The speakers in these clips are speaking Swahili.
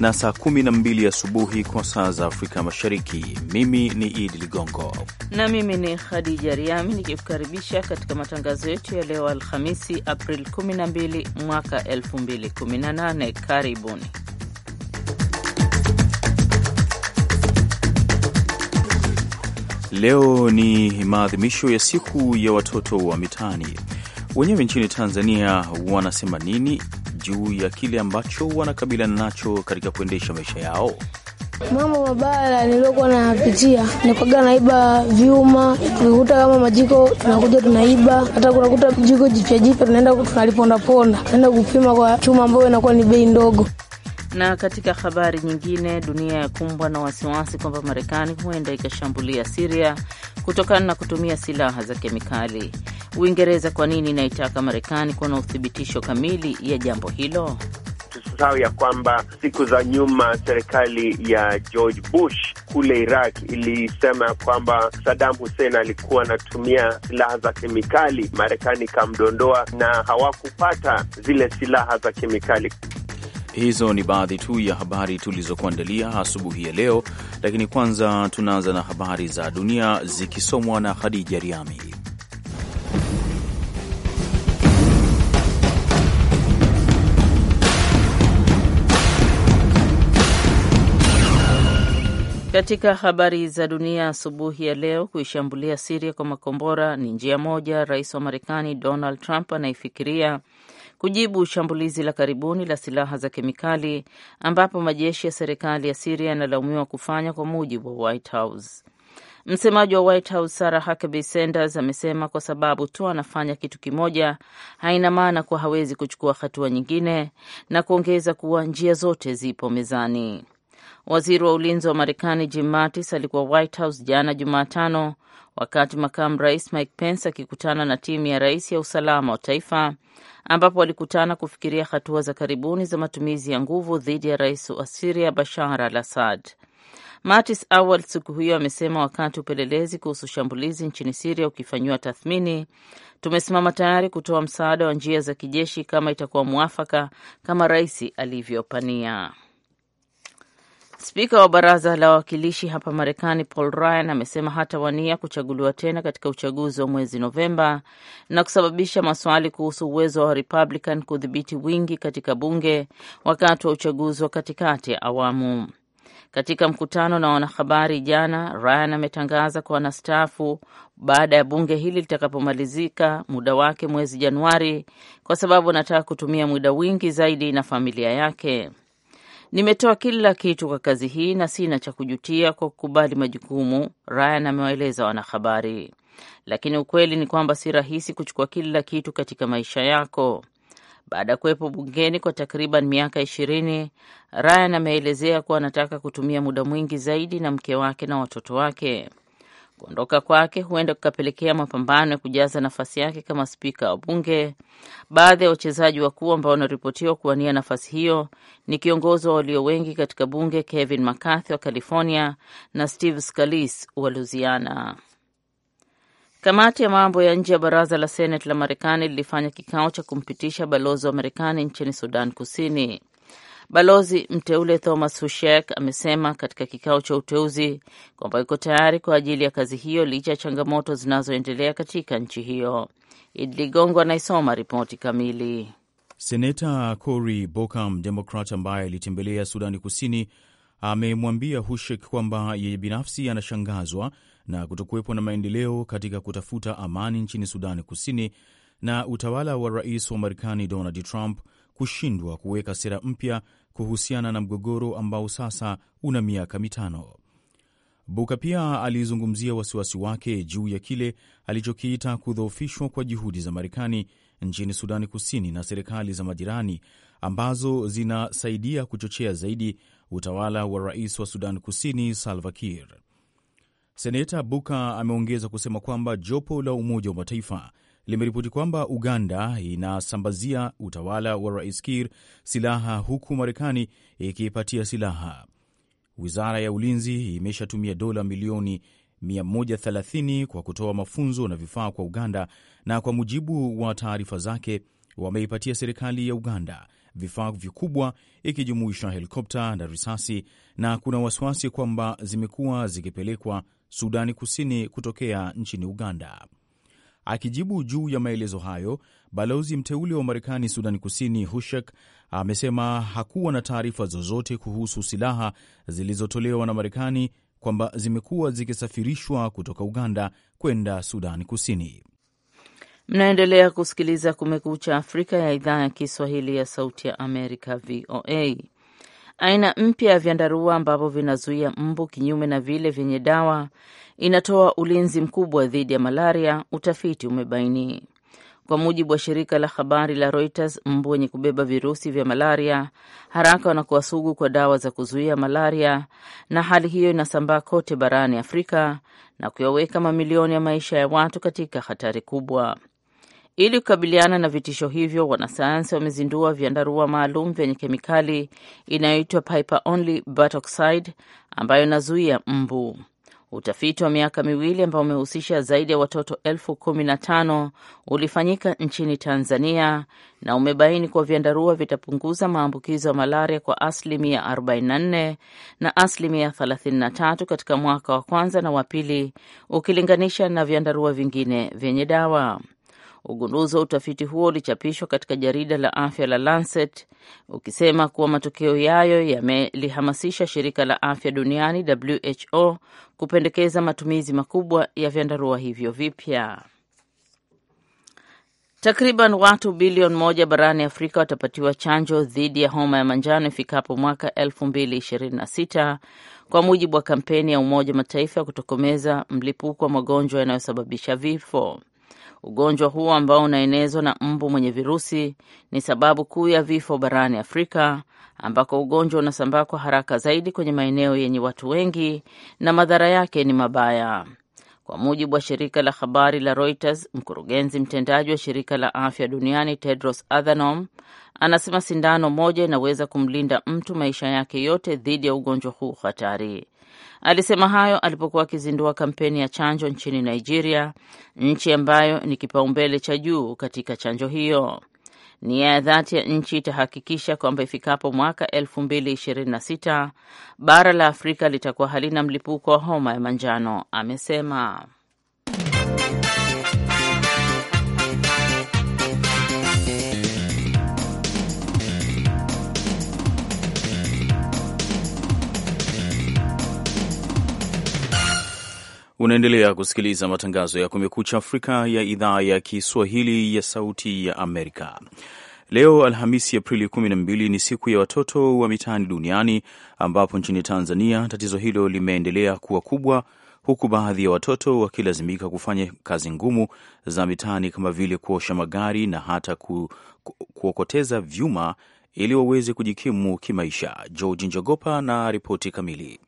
na saa 12 asubuhi kwa saa za Afrika Mashariki. Mimi ni Idi Ligongo na mimi ni Khadija Riami nikikukaribisha katika matangazo yetu ya leo Alhamisi, April 12 mwaka 2018. Karibuni. Leo ni maadhimisho ya siku ya watoto wa mitaani. Wenyewe nchini Tanzania wanasema nini juu ya kile ambacho wanakabiliana nacho katika kuendesha maisha yao. Mambo mabaya nayapitia ni nikaga naiba vyuma, tukikuta kama majiko tunakuja tunaiba, hata kunakuta jiko jipya jipya tunaenda tunalipondaponda, tunaenda kupima kwa chuma ambayo inakuwa ni bei ndogo. Na katika habari nyingine, dunia yakumbwa na wasiwasi kwamba Marekani huenda ikashambulia Siria kutokana na kutumia silaha za kemikali. Uingereza kwa nini inaitaka Marekani kuwa na uthibitisho kamili ya jambo hilo? Tusisahau ya kwamba siku za nyuma serikali ya George Bush kule Iraq ilisema kwamba Saddam Hussein alikuwa anatumia silaha za kemikali. Marekani ikamdondoa na hawakupata zile silaha za kemikali. Hizo ni baadhi tu ya habari tulizokuandalia asubuhi ya leo, lakini kwanza tunaanza na habari za dunia zikisomwa na Khadija Riami. Katika habari za dunia asubuhi ya leo, kuishambulia Siria kwa makombora ni njia moja rais wa Marekani Donald Trump anaifikiria kujibu shambulizi la karibuni la silaha za kemikali ambapo majeshi ya serikali ya Siria yanalaumiwa kufanya, kwa mujibu wa White House. Msemaji wa White House Sarah Huckabee Sanders amesema kwa sababu tu anafanya kitu kimoja haina maana kuwa hawezi kuchukua hatua nyingine, na kuongeza kuwa njia zote zipo mezani. Waziri wa ulinzi wa Marekani Jim Mattis alikuwa White House jana Jumatano wakati makamu rais Mike Pence akikutana na timu ya rais ya usalama wa taifa ambapo walikutana kufikiria hatua za karibuni za matumizi ya nguvu dhidi ya rais wa Siria Bashar al Assad. Matis Awal siku hiyo amesema wakati upelelezi kuhusu shambulizi nchini Siria ukifanyiwa tathmini, tumesimama tayari kutoa msaada wa njia za kijeshi kama itakuwa mwafaka, kama rais alivyopania. Spika wa baraza la wawakilishi hapa Marekani Paul Ryan amesema hatawania kuchaguliwa tena katika uchaguzi wa mwezi Novemba na kusababisha maswali kuhusu uwezo wa Republican kudhibiti wingi katika bunge wakati wa uchaguzi wa katikati ya awamu. Katika mkutano na wanahabari jana, Ryan ametangaza kuwa anastaafu baada ya bunge hili litakapomalizika muda wake mwezi Januari, kwa sababu anataka kutumia muda wingi zaidi na familia yake. Nimetoa kila kitu kwa kazi hii na sina cha kujutia kwa kukubali majukumu, Ryan amewaeleza wanahabari. Lakini ukweli ni kwamba si rahisi kuchukua kila kitu katika maisha yako. Baada ya kuwepo bungeni kwa takriban miaka ishirini, Ryan ameelezea kuwa anataka kutumia muda mwingi zaidi na mke wake na watoto wake. Kuondoka kwake huenda kukapelekea mapambano ya kujaza nafasi yake kama spika wa bunge. Baadhi ya wachezaji wakuu ambao wanaripotiwa kuwania nafasi hiyo ni kiongozi wa walio wengi katika bunge Kevin McCarthy wa California na Steve Scalise wa Louisiana. Kamati ya mambo ya nje ya baraza la senate la Marekani lilifanya kikao cha kumpitisha balozi wa Marekani nchini Sudan Kusini. Balozi mteule Thomas Hushek amesema katika kikao cha uteuzi kwamba iko tayari kwa ajili ya kazi hiyo licha ya changamoto zinazoendelea katika nchi hiyo. Idi Ligongo anaisoma ripoti kamili. Seneta Cory Bokam, Demokrat ambaye alitembelea Sudani Kusini, amemwambia Hushek kwamba yeye binafsi anashangazwa na kutokuwepo na maendeleo katika kutafuta amani nchini Sudani Kusini na utawala wa rais wa Marekani Donald Trump kushindwa kuweka sera mpya kuhusiana na mgogoro ambao sasa una miaka mitano. Buka pia alizungumzia wasiwasi wake juu ya kile alichokiita kudhoofishwa kwa juhudi za Marekani nchini Sudani Kusini na serikali za majirani ambazo zinasaidia kuchochea zaidi utawala wa rais wa Sudan Kusini Salva Kiir. Seneta Buka ameongeza kusema kwamba jopo la Umoja wa Mataifa limeripoti kwamba Uganda inasambazia utawala wa Rais Kiir silaha huku Marekani ikiipatia silaha. Wizara ya Ulinzi imeshatumia dola milioni 130 kwa kutoa mafunzo na vifaa kwa Uganda, na kwa mujibu wa taarifa zake wameipatia serikali ya Uganda vifaa vikubwa ikijumuisha helikopta na risasi, na kuna wasiwasi kwamba zimekuwa zikipelekwa Sudani Kusini kutokea nchini Uganda. Akijibu juu ya maelezo hayo, balozi mteule wa Marekani Sudani Kusini Hushek amesema hakuwa na taarifa zozote kuhusu silaha zilizotolewa na Marekani kwamba zimekuwa zikisafirishwa kutoka Uganda kwenda Sudani Kusini. Mnaendelea kusikiliza Kumekucha Afrika ya idhaa ya Kiswahili ya Sauti ya Amerika, VOA aina mpya ya vyandarua ambavyo vinazuia mbu kinyume na vile vyenye dawa, inatoa ulinzi mkubwa dhidi ya malaria, utafiti umebaini. Kwa mujibu wa shirika la habari la Reuters, mbu wenye kubeba virusi vya malaria haraka wanakuwa sugu kwa dawa za kuzuia malaria, na hali hiyo inasambaa kote barani Afrika na kuyaweka mamilioni ya maisha ya watu katika hatari kubwa. Ili kukabiliana na vitisho hivyo, wanasayansi wamezindua vyandarua maalum vyenye kemikali inayoitwa Piper Only Butoxide ambayo inazuia mbu. Utafiti wa miaka miwili ambao umehusisha zaidi ya watoto elfu kumi na tano ulifanyika nchini Tanzania na umebaini kuwa vyandarua vitapunguza maambukizo ya malaria kwa asilimia 44 na asilimia 33 katika mwaka wa kwanza na wa pili ukilinganisha na vyandarua vingine vyenye dawa. Ugunduzi wa utafiti huo ulichapishwa katika jarida la afya la Lancet ukisema kuwa matokeo yayo yamelihamasisha shirika la afya duniani WHO kupendekeza matumizi makubwa ya vyandarua hivyo vipya. Takriban watu bilioni moja barani Afrika watapatiwa chanjo dhidi ya homa ya manjano ifikapo mwaka 2026 kwa mujibu wa kampeni ya Umoja Mataifa ya kutokomeza mlipuko wa magonjwa yanayosababisha vifo. Ugonjwa huo ambao unaenezwa na mbu mwenye virusi ni sababu kuu ya vifo barani Afrika, ambako ugonjwa unasambaa kwa haraka zaidi kwenye maeneo yenye watu wengi na madhara yake ni mabaya. Kwa mujibu wa shirika la habari la Reuters, mkurugenzi mtendaji wa shirika la afya duniani Tedros Adhanom anasema sindano moja inaweza kumlinda mtu maisha yake yote dhidi ya ugonjwa huu hatari. Alisema hayo alipokuwa akizindua kampeni ya chanjo nchini Nigeria, nchi ambayo ni kipaumbele cha juu katika chanjo hiyo. Nia ya dhati ya nchi itahakikisha kwamba ifikapo mwaka 2026 bara la Afrika litakuwa halina mlipuko wa homa ya manjano, amesema. Unaendelea kusikiliza matangazo ya Kumekucha Afrika ya idhaa ya Kiswahili ya Sauti ya Amerika. Leo Alhamisi, Aprili 12 ni siku ya watoto wa mitaani duniani, ambapo nchini Tanzania tatizo hilo limeendelea kuwa kubwa huku baadhi ya watoto wakilazimika kufanya kazi ngumu za mitaani kama vile kuosha magari na hata ku, ku, kuokoteza vyuma ili waweze kujikimu kimaisha. George Njogopa na ripoti kamili.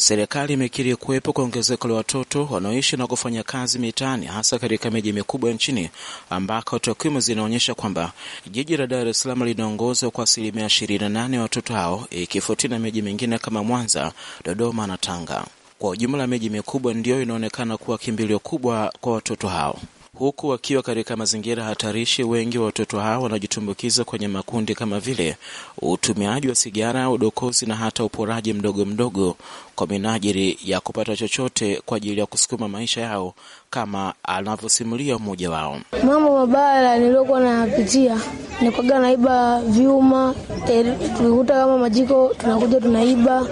Serikali imekiri kuwepo kwa ongezeko la watoto wanaoishi na kufanya kazi mitaani hasa katika miji mikubwa nchini ambako takwimu zinaonyesha kwamba jiji la Dar es Salaam linaongozwa kwa asilimia 28 ya watoto hao ikifuatia na miji mingine kama Mwanza, Dodoma na Tanga. Kwa ujumla, miji mikubwa ndiyo inaonekana kuwa kimbilio kubwa kwa watoto hao huku wakiwa katika mazingira hatarishi. Wengi wa watoto hao wanajitumbukiza kwenye makundi kama vile utumiaji wa sigara, udokozi na hata uporaji mdogo mdogo, kwa minajili ya kupata chochote kwa ajili ya kusukuma maisha yao kama anavyosimulia mmoja wao. Mambo mabaya niliokuwa nayapitia nikwaga naiba vyuma e, kama majiko tunakuja tunaiba,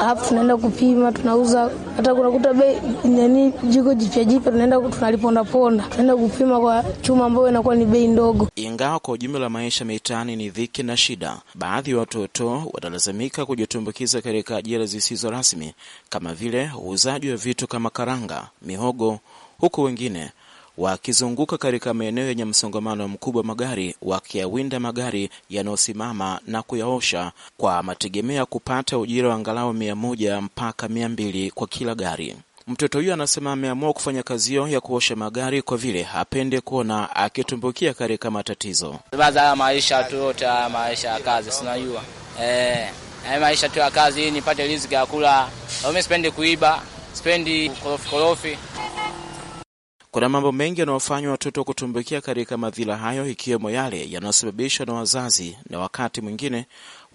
alafu tunaenda kupima, tunauza. Hata kunakuta bei nani jiko jipya jipya, tunaenda tunalipondaponda, tunaenda kupima kwa chuma ambayo inakuwa ni bei ndogo. Ingawa kwa ujumla maisha mitaani ni dhiki na shida, baadhi ya watoto wanalazimika kujitumbukiza katika ajira zisizo rasmi kama vile uuzaji wa vitu kama karanga, mihogo huku wengine wakizunguka katika maeneo yenye msongamano mkubwa magari wakiyawinda magari yanayosimama na kuyaosha kwa mategemea kupata ujira wa angalau mia moja mpaka mia mbili kwa kila gari. Mtoto huyo anasema ameamua kufanya kazi hiyo ya kuosha magari kwa vile hapende kuona akitumbukia katika matatizo. Baza ya maisha tu yote haya maisha ya kazi sinajua e, maisha tu ya kazi, nipate riziki ya kula. Mi sipendi kuiba, sipendi korofi korofi kuna mambo mengi yanayofanywa watoto kutumbukia katika madhila hayo, ikiwemo yale yanayosababishwa na wazazi na wakati mwingine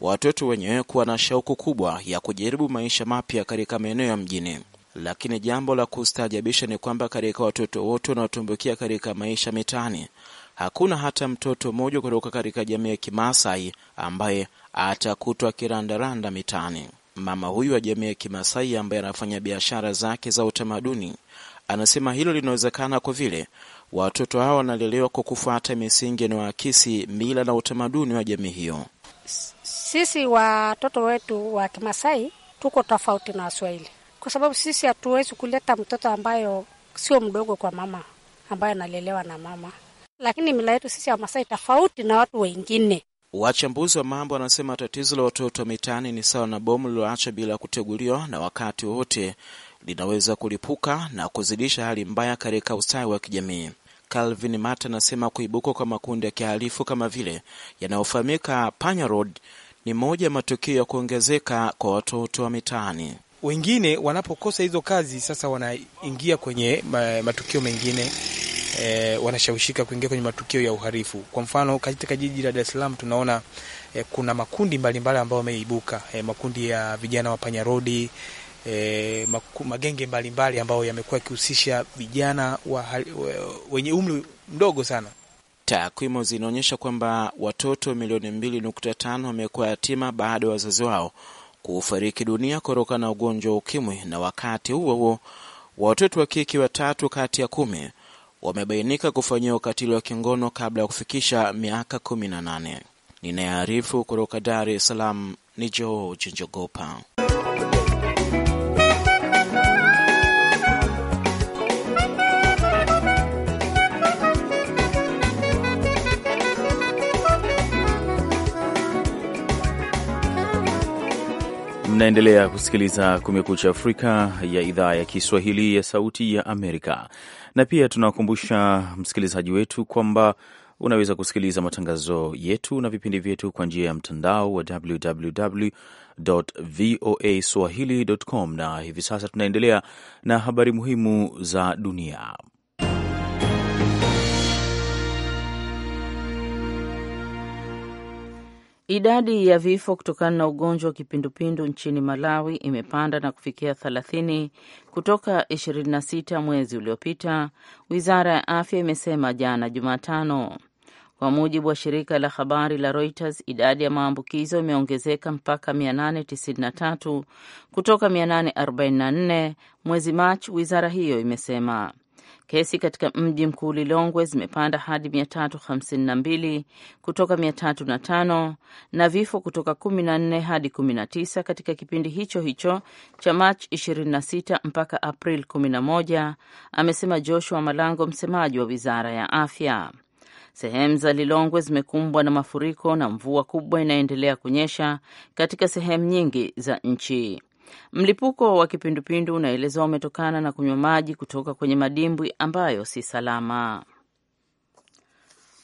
watoto wenyewe kuwa na shauku kubwa ya kujaribu maisha mapya katika maeneo ya mjini. Lakini jambo la kustaajabisha ni kwamba katika watoto wote wanaotumbukia katika maisha mitaani hakuna hata mtoto mmoja kutoka katika jamii ya Kimaasai ambaye atakutwa kirandaranda mitaani. Mama huyu wa jamii ya Kimaasai ambaye anafanya biashara zake za utamaduni Anasema hilo linawezekana kwa vile watoto hawa wanalelewa kwa kufuata misingi inayoakisi mila na utamaduni wa jamii hiyo. Sisi watoto wetu wa Kimasai tuko tofauti na Waswahili kwa sababu sisi hatuwezi kuleta mtoto ambayo sio mdogo kwa mama, ambayo analelewa na mama, lakini mila yetu sisi Wamasai tofauti na watu wengine. Wachambuzi wa mambo wanasema tatizo la watoto wa mitaani ni sawa na bomu lililoacha bila kuteguliwa na wakati wote linaweza kulipuka na kuzidisha hali mbaya katika ustawi wa kijamii. Calvin Mata anasema kuibuka kwa makundi ya kihalifu kama vile yanayofahamika Panya Road ni moja ya matukio ya kuongezeka kwa watoto wa mitaani. Wengine wanapokosa hizo kazi, sasa wanaingia kwenye matukio mengine e, wanashawishika kuingia kwenye matukio ya uhalifu. Kwa mfano katika jiji la Dar es Salaam tunaona e, kuna makundi mbalimbali ambayo wameibuka, e, eh, makundi ya vijana wa panya e, magenge mbalimbali ambayo yamekuwa yakihusisha vijana wenye umri mdogo sana. Takwimu zinaonyesha kwamba watoto milioni 2.5 wamekuwa yatima baada ya wazazi wao kufariki dunia kutokana na ugonjwa wa ukimwi, na wakati huo huo watoto wa kike watatu kati ya kumi wamebainika kufanyia ukatili wa kingono kabla ya kufikisha miaka 18. Ninayearifu kutoka Dar es Salaam ni Joo Njogopa. Unaendelea kusikiliza Kumekucha Afrika ya idhaa ya Kiswahili ya Sauti ya Amerika, na pia tunakumbusha msikilizaji wetu kwamba unaweza kusikiliza matangazo yetu na vipindi vyetu kwa njia ya mtandao wa www voa swahili com, na hivi sasa tunaendelea na habari muhimu za dunia. Idadi ya vifo kutokana na ugonjwa wa kipindupindu nchini Malawi imepanda na kufikia 30 kutoka 26 mwezi uliopita, wizara ya afya imesema jana Jumatano. Kwa mujibu wa shirika la habari la Reuters, idadi ya maambukizo imeongezeka mpaka 893 kutoka 844 mwezi Machi, wizara hiyo imesema. Kesi katika mji mkuu Lilongwe zimepanda hadi 352 kutoka 305 na vifo kutoka 14 hadi 19 katika kipindi hicho hicho cha Machi 26 mpaka April 11, amesema Joshua Malango, msemaji wa Wizara ya Afya. Sehemu za Lilongwe zimekumbwa na mafuriko na mvua kubwa inaendelea kunyesha katika sehemu nyingi za nchi. Mlipuko wa kipindupindu unaelezewa umetokana na kunywa maji kutoka kwenye madimbwi ambayo si salama.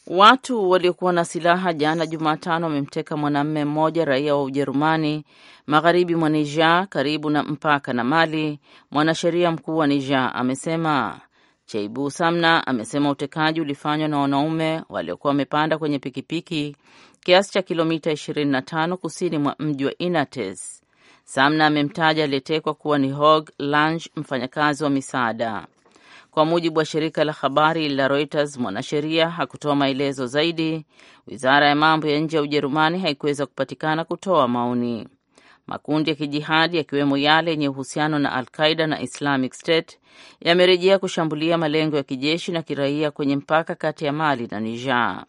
Watu waliokuwa na silaha jana Jumatano wamemteka mwanamume mmoja raia wa Ujerumani magharibi mwa Niger karibu na mpaka na Mali. Mwanasheria mkuu wa Niger amesema. Cheibu Samna amesema utekaji ulifanywa na wanaume waliokuwa wamepanda kwenye pikipiki kiasi cha kilomita 25 kusini mwa mji wa Inates. Samna amemtaja aliyetekwa kuwa ni Hog Lange, mfanyakazi wa misaada. Kwa mujibu wa shirika la habari la Reuters, mwanasheria hakutoa maelezo zaidi. Wizara ya mambo ya nje ya Ujerumani haikuweza kupatikana kutoa maoni. Makundi ya kijihadi yakiwemo yale yenye uhusiano na Al-Qaida na Islamic State yamerejea kushambulia malengo ya kijeshi na kiraia kwenye mpaka kati ya Mali na Niger.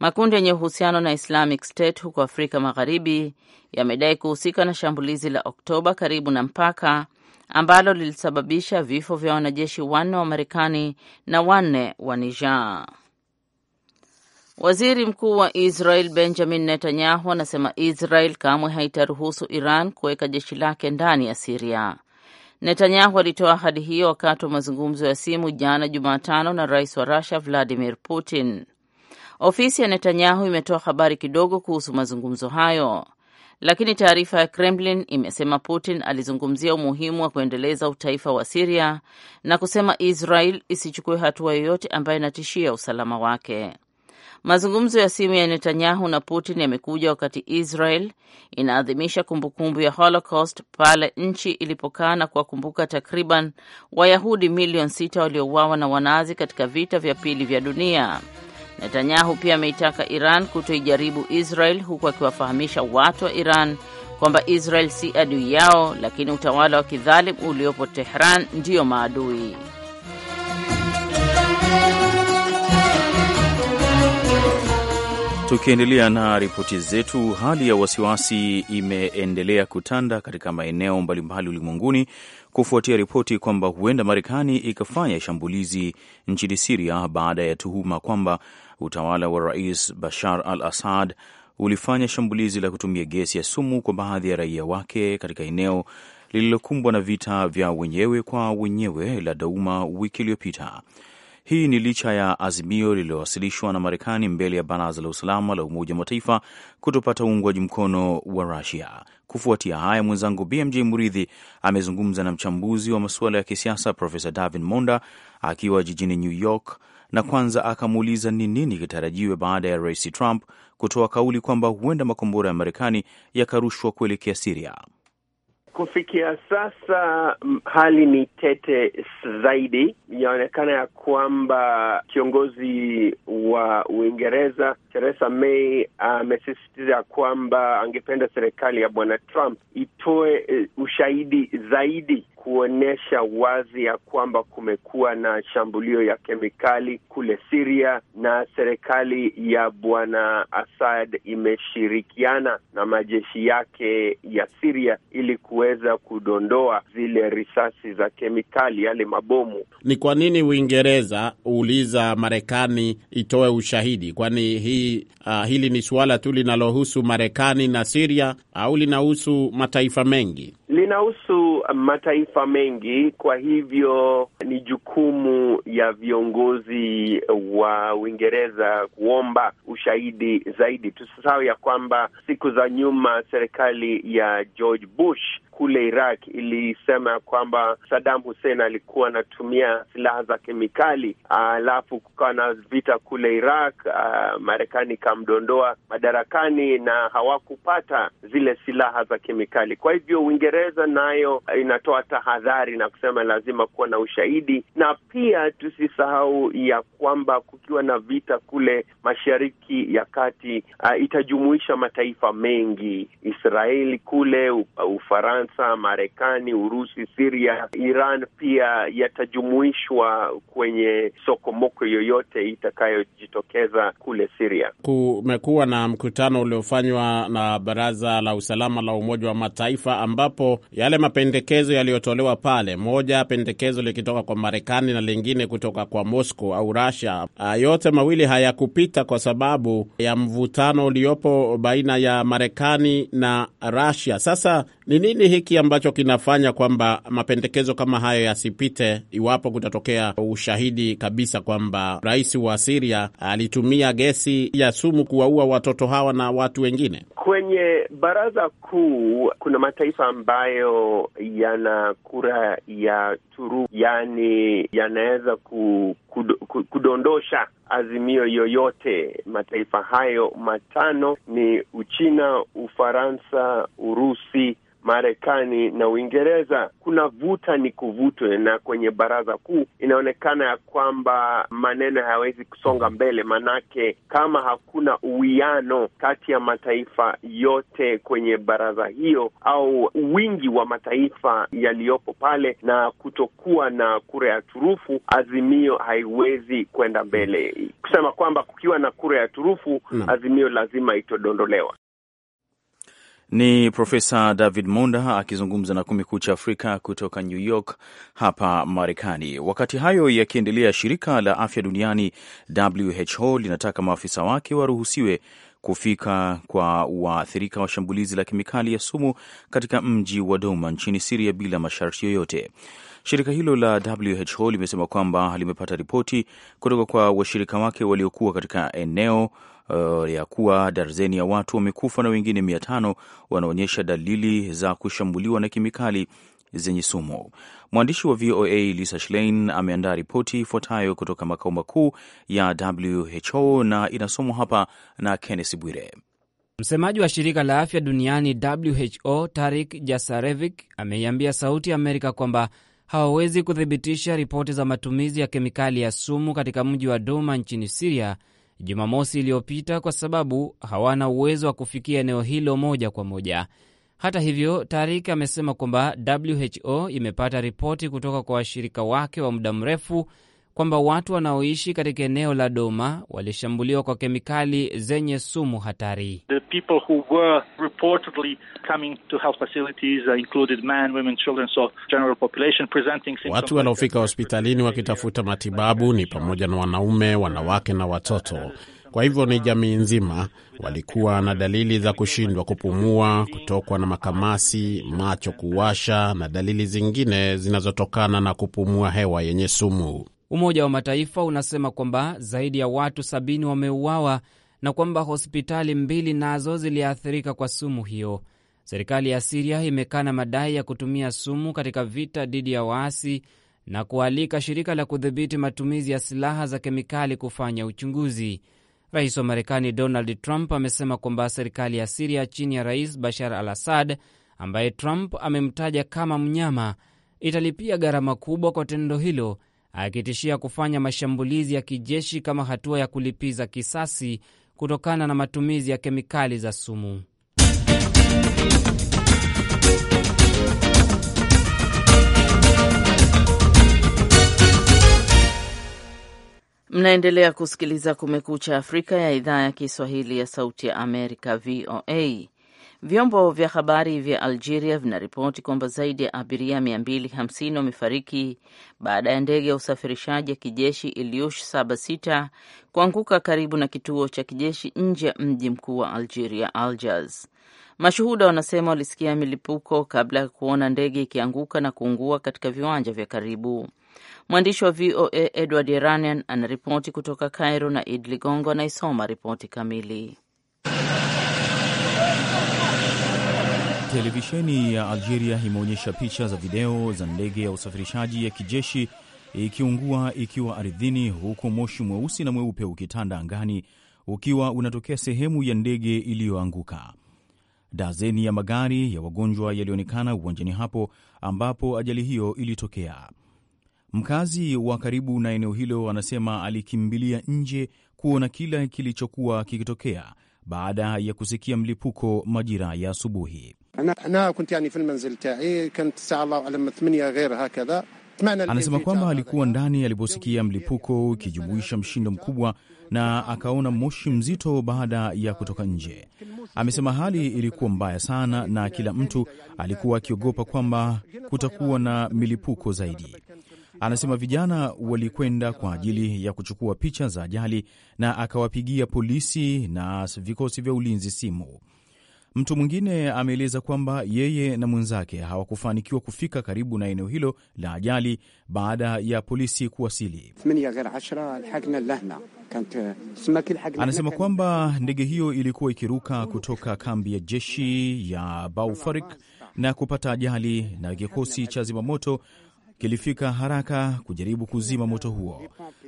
Makundi yenye uhusiano na Islamic State huko Afrika Magharibi yamedai kuhusika na shambulizi la Oktoba karibu na mpaka ambalo lilisababisha vifo vya wanajeshi wanne wa Marekani na wanne wa Niger. Waziri Mkuu wa Israel Benjamin Netanyahu anasema Israel kamwe haitaruhusu Iran kuweka jeshi lake ndani ya Siria. Netanyahu alitoa ahadi hiyo wakati wa mazungumzo ya simu jana Jumatano na rais wa Rusia Vladimir Putin. Ofisi ya Netanyahu imetoa habari kidogo kuhusu mazungumzo hayo, lakini taarifa ya Kremlin imesema Putin alizungumzia umuhimu wa kuendeleza utaifa wa Siria na kusema Israel isichukue hatua yoyote ambayo inatishia usalama wake. Mazungumzo ya simu ya Netanyahu na Putin yamekuja wakati Israel inaadhimisha kumbukumbu ya Holocaust pale nchi ilipokaa na kuwakumbuka takriban Wayahudi milioni sita waliouawa na Wanazi katika vita vya pili vya dunia. Netanyahu pia ameitaka Iran kutoijaribu Israel huku akiwafahamisha watu wa Iran kwamba Israel si adui yao, lakini utawala wa kidhalimu uliopo Tehran ndiyo maadui. Tukiendelea na ripoti zetu, hali ya wasiwasi imeendelea kutanda katika maeneo mbalimbali ulimwenguni kufuatia ripoti kwamba huenda Marekani ikafanya shambulizi nchini Siria baada ya tuhuma kwamba utawala wa Rais Bashar al Assad ulifanya shambulizi la kutumia gesi ya sumu kwa baadhi ya raia wake katika eneo lililokumbwa na vita vya wenyewe kwa wenyewe la Dauma wiki iliyopita. Hii ni licha ya azimio lililowasilishwa na Marekani mbele ya Baraza la Usalama la Umoja wa Mataifa kutopata uungwaji mkono wa Rusia. Kufuatia haya, mwenzangu BMJ Muridhi amezungumza na mchambuzi wa masuala ya kisiasa Profesa Davin Monda akiwa jijini New York, na kwanza akamuuliza ni nini kitarajiwe baada ya Rais Trump kutoa kauli kwamba huenda makombora ya Marekani yakarushwa kuelekea Siria. Kufikia sasa hali ni tete zaidi. Inaonekana ya kwamba kiongozi wa Uingereza Theresa May amesisitiza ya kwamba angependa serikali ya bwana Trump itoe eh, ushahidi zaidi kuonyesha wazi ya kwamba kumekuwa na shambulio ya kemikali kule Siria, na serikali ya bwana Assad imeshirikiana na majeshi yake ya Siria ili kuweza kudondoa zile risasi za kemikali, yale mabomu. Ni kwa nini Uingereza uuliza Marekani itoe ushahidi? Kwani hii uh, hili ni suala tu linalohusu Marekani na Siria au linahusu mataifa mengi? Linahusu mataifa mataifa mengi. Kwa hivyo ni jukumu ya viongozi wa Uingereza kuomba ushahidi zaidi. Tusisahau ya kwamba siku za nyuma serikali ya George Bush kule Iraq ilisema kwamba Saddam Hussein alikuwa anatumia silaha za kemikali, alafu kukawa na vita kule Iraq. Ah, Marekani ikamdondoa madarakani na hawakupata zile silaha za kemikali. Kwa hivyo Uingereza nayo inatoa tahadhari na kusema lazima kuwa na ushahidi, na pia tusisahau ya kwamba kukiwa na vita kule Mashariki ya Kati uh, itajumuisha mataifa mengi, Israeli kule, uh, Ufaransa, Marekani, Urusi, Siria, Iran pia yatajumuishwa kwenye sokomoko yoyote itakayojitokeza kule Siria. Kumekuwa na mkutano uliofanywa na Baraza la Usalama la Umoja wa Mataifa ambapo yale mapendekezo yaliyo yaliyotolewa pale, moja pendekezo likitoka kwa Marekani na lingine kutoka kwa Moscow au Russia, ah, yote mawili hayakupita kwa sababu ya mvutano uliopo baina ya Marekani na Russia. Sasa ni nini hiki ambacho kinafanya kwamba mapendekezo kama hayo yasipite, iwapo kutatokea ushahidi kabisa kwamba rais wa Siria alitumia gesi ya sumu kuwaua watoto hawa na watu wengine? Kwenye baraza kuu kuna mataifa ambayo yana kura ya turu, yani yanaweza ku, kudondosha azimio yoyote. Mataifa hayo matano ni Uchina, Ufaransa, Urusi Marekani na Uingereza. Kuna vuta ni kuvutwe, na kwenye baraza kuu inaonekana ya kwamba maneno hayawezi kusonga mbele, manake kama hakuna uwiano kati ya mataifa yote kwenye baraza hiyo au wingi wa mataifa yaliyopo pale na kutokuwa na kura ya turufu, azimio haiwezi kwenda mbele, kusema kwamba kukiwa na kura ya turufu, hmm. azimio lazima itodondolewa. Ni Profesa David Monda akizungumza na Kumekucha Afrika kutoka New York hapa Marekani. Wakati hayo yakiendelea, shirika la afya duniani WHO linataka maafisa wake waruhusiwe kufika kwa waathirika wa shambulizi la kemikali ya sumu katika mji wa Douma nchini Siria bila masharti yoyote. Shirika hilo la WHO limesema kwamba limepata ripoti kutoka kwa washirika wake waliokuwa katika eneo uh, ya kuwa darzeni ya watu wamekufa na wengine mia tano wanaonyesha dalili za kushambuliwa na kemikali zenye sumu. Mwandishi wa VOA Lisa Schlein ameandaa ripoti ifuatayo kutoka makao makuu ya WHO na inasomwa hapa na Kennes Bwire. Msemaji wa shirika la afya duniani WHO Tarik Jasarevic ameiambia Sauti ya Amerika kwamba hawawezi kuthibitisha ripoti za matumizi ya kemikali ya sumu katika mji wa Duma nchini Siria Jumamosi iliyopita kwa sababu hawana uwezo wa kufikia eneo hilo moja kwa moja. Hata hivyo, Tariki amesema kwamba WHO imepata ripoti kutoka kwa washirika wake wa muda mrefu kwamba watu wanaoishi katika eneo la Doma walishambuliwa kwa kemikali zenye sumu hatari. The people who were reportedly coming to health facilities uh, included men, women, children, so general population presenting symptoms. Watu wanaofika hospitalini wakitafuta matibabu ni pamoja na wanaume, wanawake na watoto. Kwa hivyo ni jamii nzima. Walikuwa na dalili za kushindwa kupumua, kutokwa na makamasi, macho kuwasha na dalili zingine zinazotokana na kupumua hewa yenye sumu. Umoja wa Mataifa unasema kwamba zaidi ya watu sabini wameuawa na kwamba hospitali mbili nazo ziliathirika kwa sumu hiyo. Serikali ya Siria imekana madai ya kutumia sumu katika vita dhidi ya waasi na kualika shirika la kudhibiti matumizi ya silaha za kemikali kufanya uchunguzi. Rais wa Marekani Donald Trump amesema kwamba serikali ya Siria chini ya Rais Bashar al Assad, ambaye Trump amemtaja kama mnyama, italipia gharama kubwa kwa tendo hilo akitishia kufanya mashambulizi ya kijeshi kama hatua ya kulipiza kisasi kutokana na matumizi ya kemikali za sumu. Mnaendelea kusikiliza Kumekucha Afrika ya idhaa ya Kiswahili ya Sauti ya Amerika, VOA. Vyombo vya habari vya Algeria vinaripoti kwamba zaidi ya abiria 250 wamefariki baada ya ndege ya usafirishaji ya kijeshi Ilyush 76 kuanguka karibu na kituo cha kijeshi nje ya mji mkuu wa Algeria, Algiers. Mashuhuda wanasema walisikia milipuko kabla ya kuona ndege ikianguka na kuungua katika viwanja vya karibu. Mwandishi wa VOA Edward Iranian anaripoti kutoka Cairo na Id Ligongo anaisoma ripoti kamili. Televisheni ya Algeria imeonyesha picha za video za ndege ya usafirishaji ya kijeshi ikiungua ikiwa ardhini, huku moshi mweusi na mweupe ukitanda angani ukiwa unatokea sehemu ya ndege iliyoanguka. Dazeni ya magari ya wagonjwa yalionekana uwanjani hapo ambapo ajali hiyo ilitokea. Mkazi wa karibu na eneo hilo anasema alikimbilia nje kuona kila kilichokuwa kikitokea baada ya kusikia mlipuko majira ya asubuhi. أنا أنا كنت يعني في المنزل تاعي كانت الله أعلم ثمانية غير هكذا Anasema kwamba alikuwa ndani aliposikia mlipuko ukijumuisha mshindo mkubwa na akaona moshi mzito baada ya kutoka nje. Amesema hali ilikuwa mbaya sana, na kila mtu alikuwa akiogopa kwamba kutakuwa na milipuko zaidi. Anasema vijana walikwenda kwa ajili ya kuchukua picha za ajali, na akawapigia polisi na vikosi vya ulinzi simu. Mtu mwingine ameeleza kwamba yeye na mwenzake hawakufanikiwa kufika karibu na eneo hilo la ajali baada ya polisi kuwasili. Anasema kwamba ndege hiyo ilikuwa ikiruka kutoka kambi ya jeshi ya Baufarik na kupata ajali na kikosi cha zimamoto kilifika haraka kujaribu kuzima moto huo.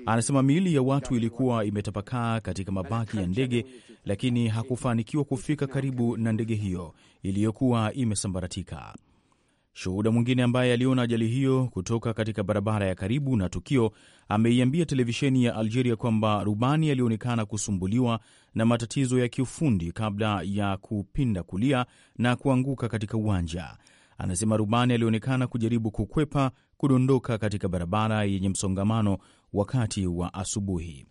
Anasema miili ya watu ilikuwa imetapakaa katika mabaki ya ndege, lakini hakufanikiwa kufika karibu na ndege hiyo iliyokuwa imesambaratika. Shuhuda mwingine ambaye aliona ajali hiyo kutoka katika barabara ya karibu na tukio ameiambia televisheni ya Algeria kwamba rubani alionekana kusumbuliwa na matatizo ya kiufundi kabla ya kupinda kulia na kuanguka katika uwanja. Anasema rubani alionekana kujaribu kukwepa kudondoka katika barabara yenye msongamano wakati wa asubuhi.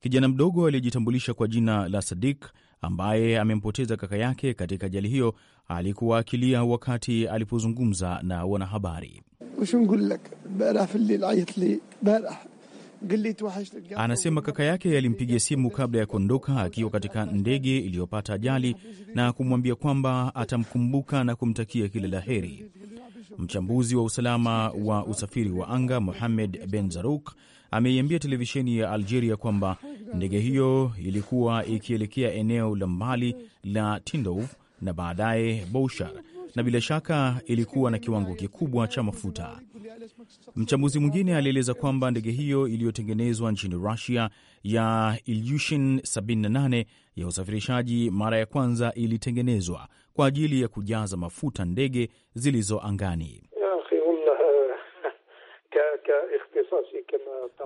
Kijana mdogo aliyejitambulisha kwa jina la Sadik ambaye amempoteza kaka yake katika ajali hiyo alikuwa akilia wakati alipozungumza na wanahabari. Anasema kaka yake alimpigia simu kabla ya kuondoka akiwa katika ndege iliyopata ajali na kumwambia kwamba atamkumbuka na kumtakia kila la heri. Mchambuzi wa usalama wa usafiri wa anga Mohamed Ben Zaruk ameiambia televisheni ya Algeria kwamba ndege hiyo ilikuwa ikielekea eneo la mbali la Tindouf na baadaye Boushar na bila shaka ilikuwa na kiwango kikubwa cha mafuta. Mchambuzi mwingine alieleza kwamba ndege hiyo iliyotengenezwa nchini Rusia ya Ilyushin 78 ya usafirishaji mara ya kwanza ilitengenezwa kwa ajili ya kujaza mafuta ndege zilizo angani.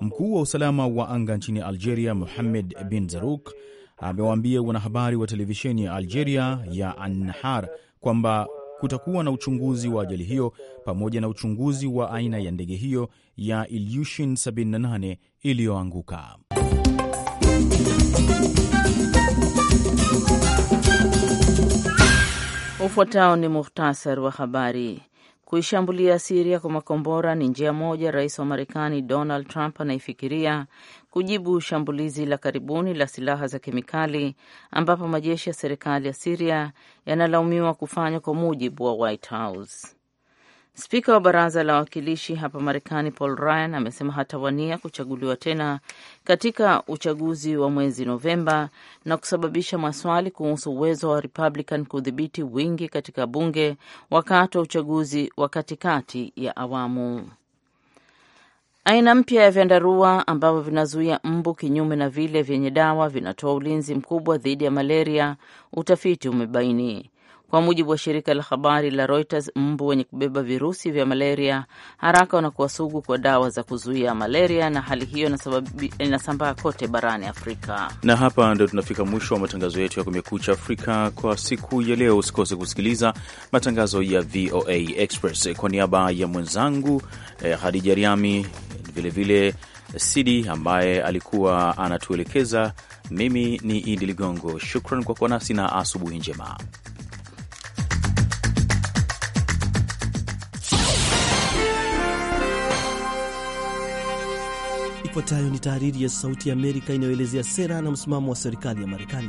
Mkuu wa usalama wa anga nchini Algeria, muhamed Bin Zaruk, amewaambia wanahabari wa televisheni ya Algeria ya Annahar kwamba Kutakuwa na uchunguzi wa ajali hiyo pamoja na uchunguzi wa aina ya ndege hiyo ya Ilyushin 78 iliyoanguka. Ufuatao ni muhtasari wa habari. Kuishambulia Siria kwa makombora ni njia moja rais wa Marekani Donald Trump anaifikiria kujibu shambulizi la karibuni la silaha za kemikali ambapo majeshi ya serikali ya Siria yanalaumiwa kufanya, kwa mujibu wa White House. Spika wa baraza la wawakilishi hapa Marekani Paul Ryan amesema hatawania kuchaguliwa tena katika uchaguzi wa mwezi Novemba na kusababisha maswali kuhusu uwezo wa Republican kudhibiti wingi katika bunge wakati wa uchaguzi wa katikati ya awamu. Aina mpya ya vyandarua ambavyo vinazuia mbu kinyume na vile vyenye dawa vinatoa ulinzi mkubwa dhidi ya malaria, utafiti umebaini. Kwa mujibu wa shirika la habari la Reuters, mbu wenye kubeba virusi vya malaria haraka wanakuwa sugu kwa dawa za kuzuia malaria, na hali hiyo inasambaa kote barani Afrika. Na hapa ndio tunafika mwisho wa matangazo yetu ya Kumekucha Afrika kwa siku ya leo. Usikose kusikiliza matangazo ya VOA Express. Kwa niaba ya mwenzangu eh, Hadija Riami, vilevile Sidi ambaye alikuwa anatuelekeza, mimi ni Idi Ligongo. Shukran kwa kuwa nasi na asubuhi njema. Ifuatayo ni tahariri ya Sauti ya Amerika inayoelezea sera na msimamo wa serikali ya Marekani.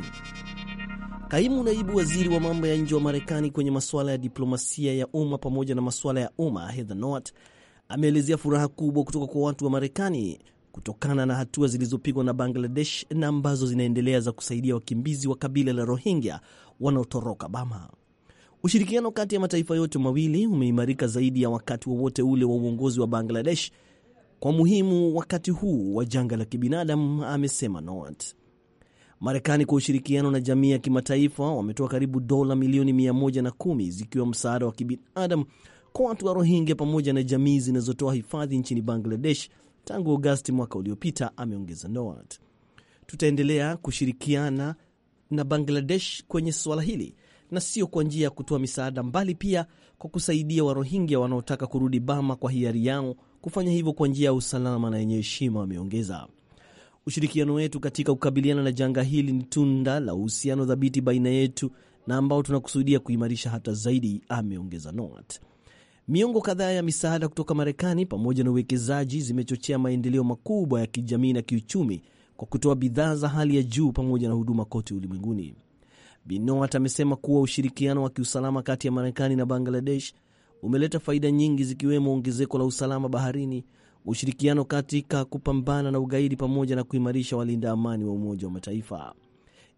Kaimu naibu waziri wa mambo ya nje wa Marekani kwenye masuala ya diplomasia ya umma pamoja na masuala ya umma Heather Nauert ameelezea furaha kubwa kutoka kwa watu wa Marekani kutokana na hatua zilizopigwa na Bangladesh na ambazo zinaendelea za kusaidia wakimbizi wa kabila la Rohingya wanaotoroka Bama. Ushirikiano kati ya mataifa yote mawili umeimarika zaidi ya wakati wowote wa ule wa uongozi wa Bangladesh kwa muhimu wakati huu wa janga la kibinadamu, amesema Noat. Marekani kwa ushirikiano na jamii ya kimataifa wametoa karibu dola milioni 110 zikiwa msaada wa kibinadamu kwa watu wa Rohingya pamoja na jamii zinazotoa hifadhi nchini Bangladesh tangu Agosti mwaka uliopita, ameongeza Noat. Tutaendelea kushirikiana na Bangladesh kwenye suala hili na sio kwa njia ya kutoa misaada, mbali pia kwa kusaidia Warohingya wanaotaka kurudi Bama kwa hiari yao kufanya hivyo kwa njia ya usalama na yenye heshima, wameongeza. Ushirikiano wetu katika kukabiliana na janga hili ni tunda la uhusiano dhabiti baina yetu na ambao tunakusudia kuimarisha hata zaidi, ameongeza Noat. Miongo kadhaa ya misaada kutoka Marekani pamoja na uwekezaji zimechochea maendeleo makubwa ya kijamii na kiuchumi kwa kutoa bidhaa za hali ya juu pamoja na huduma kote ulimwenguni. Bi amesema kuwa ushirikiano wa kiusalama kati ya Marekani na Bangladesh umeleta faida nyingi zikiwemo ongezeko la usalama baharini, ushirikiano katika kupambana na ugaidi pamoja na kuimarisha walinda amani wa Umoja wa Mataifa.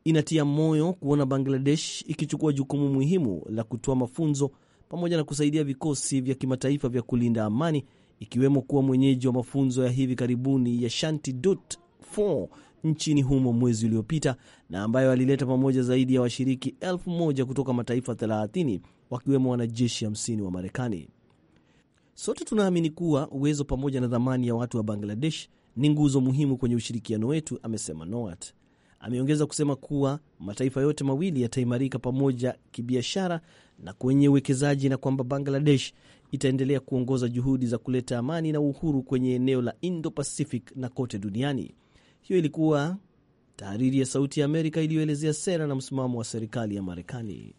Inatia moyo kuona Bangladesh ikichukua jukumu muhimu la kutoa mafunzo pamoja na kusaidia vikosi vya kimataifa vya kulinda amani, ikiwemo kuwa mwenyeji wa mafunzo ya hivi karibuni ya Shanti Dut 4 nchini humo mwezi uliopita na ambayo alileta pamoja zaidi ya washiriki elfu moja kutoka mataifa 30 wakiwemo wanajeshi 50 wa Marekani. Sote tunaamini kuwa uwezo pamoja na dhamani ya watu wa Bangladesh ni nguzo muhimu kwenye ushirikiano wetu, amesema Nowat. Ameongeza kusema kuwa mataifa yote mawili yataimarika pamoja kibiashara na kwenye uwekezaji na kwamba Bangladesh itaendelea kuongoza juhudi za kuleta amani na uhuru kwenye eneo la Indo Pacific na kote duniani. Hiyo ilikuwa tahariri ya Sauti ya Amerika iliyoelezea sera na msimamo wa serikali ya Marekani.